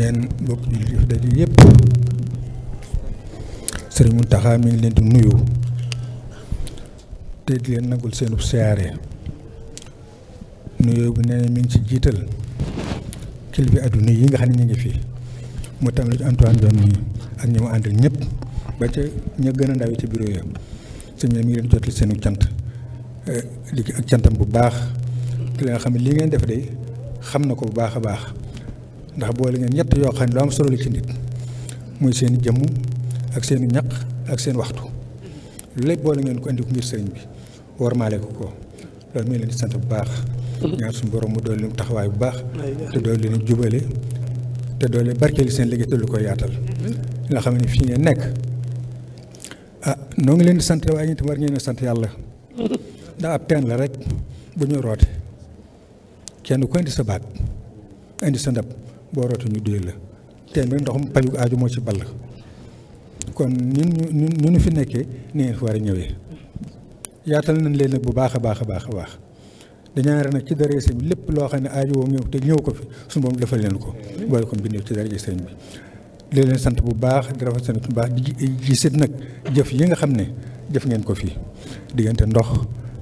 yéen mbokk jullit yi daje yëpp mu taxa mi ngi leen di nuyu te di leen nagul seenub siyaare nuyoo bu nee mu ngi ci jiital kilifa adduna yi nga xam ne ñu ngi fi mu tam lu Antoine Diome ak ñi mu àndal ñëpp ba ca ña gën a ndaw ci bureau ya sëñ mi ngi leen jotal seenu cant eh, di ak cantam bu baax ki nga xam ne li ngeen def de xam na ko bu baax a baax. ndax boole ngeen ñett yoo xam ne lu am solo la ci nit muy seen jëmm ak seen ñaq ak seen waxtu lépp boole ngeen ko indi ko ngir sëriñ bi warmaale ko ko loolu muy leen di sant bu baax. Mhm. ñaan suñu borom mu doole leen taxawaay bu baax. jubale te doole barkeeli seen liggéey te lu koy mhm. nga xam ne fii ngeen nekk ah noo ngi leen di sant waaye itam war ngeen di sant yàlla ndax ab teen la rek bu ñu roote kenn ku indi sa baat indi sa ndab. boo rootee ñu duyee la teen bi mu paju aaju moo ci ball kon ñun ñu ñu fi nekkee ni ngeen fi war a ñëwee yaatal nañ leen nag bu baax a baax a baax a baax dañaare nag ci dara sëñ bi lépp loo xam ne aaju woo ñëw te ñëw ko fi su moom defal leen ko boole ko mbindee ci dara seen bi di leen sant bu baax di rafetlu sant bu baax di ji gisit nag jëf yi nga xam ne jëf ngeen ko fii diggante ndox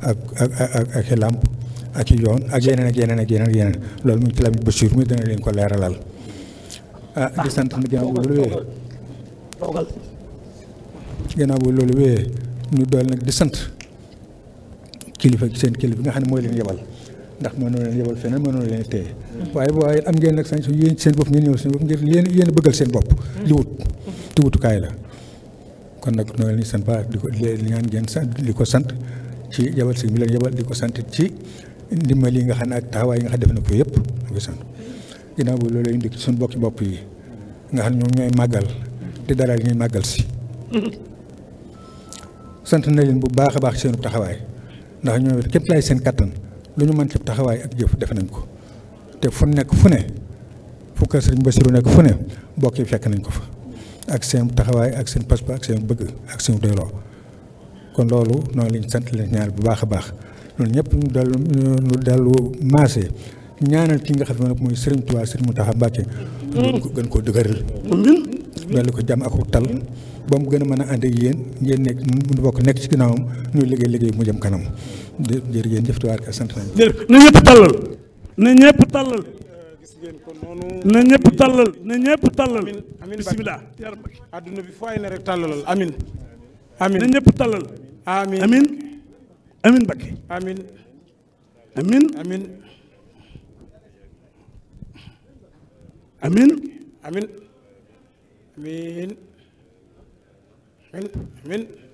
ak ak ak ak ak yoon ak yeneen ak yeneen ak yeneen ak yeneen loolu mu ngi ci Lamine Bachir mi dana leen ko leeralal ah di sant na ginnaaw bu loolu wéyee ginnaaw bu loolu dool nag di sant kilifa seen kilifa nga xam ne mooy leen yebal ndax mënoo leen yebal feneen téye waaye bu waaye am ngeen nag sañ su yéen seen bopp ngeen ñëw seen bopp ngir yéen yéen bëggal seen bopp li wut li la kon nag noonu la ñuy sant baax di ko di ko sant ci yebal si mi leen yebal di ko sant ci ndimbal yi nga xam ne taxawaay nga xam def na ko yëpp ñu ngi sant ginnaaw bi loolu la ñu suñu bokki bopp yi nga xam ne ñoom ñooy màggal te dara ñuy màggal si. sant na leen bu baax a baax seen taxawaay ndax ñoom it képp seen kattan lu ñu mën ci taxawaay ak jëf def nañ ko te fu nekk fu ne fu kër sëriñ nekk fu bokk yi fekk nañ ko fa ak seen taxawaay ak seen pas-pas ak seen bëgg ak seen doyloo kon loolu noonu lañ sant leen ñaar bu baax a baax. loolu ñëpp ñu dal ñu dellu maase ñaanal ki nga xam ne nag mooy Serigne Touba Serigne Mountakha Mbacké ko gën koo ko jàmm ak tal ba mu gën a mën a ànd ak yéen ngeen nekk mu bokk nekk ci ginnaawam ñu liggéey liggéey mu jëm kanam jërë ngeen jëf tubaar ka sant nañ na ñëpp tàllal na ñëpp tàllal na ñëpp tàllal na ñëpp tàllal bismillah adduna bi foo ay ne rek tàllalal amin amin na ñëpp tàllal amin Mbakke amin amin amin amin amin amin amin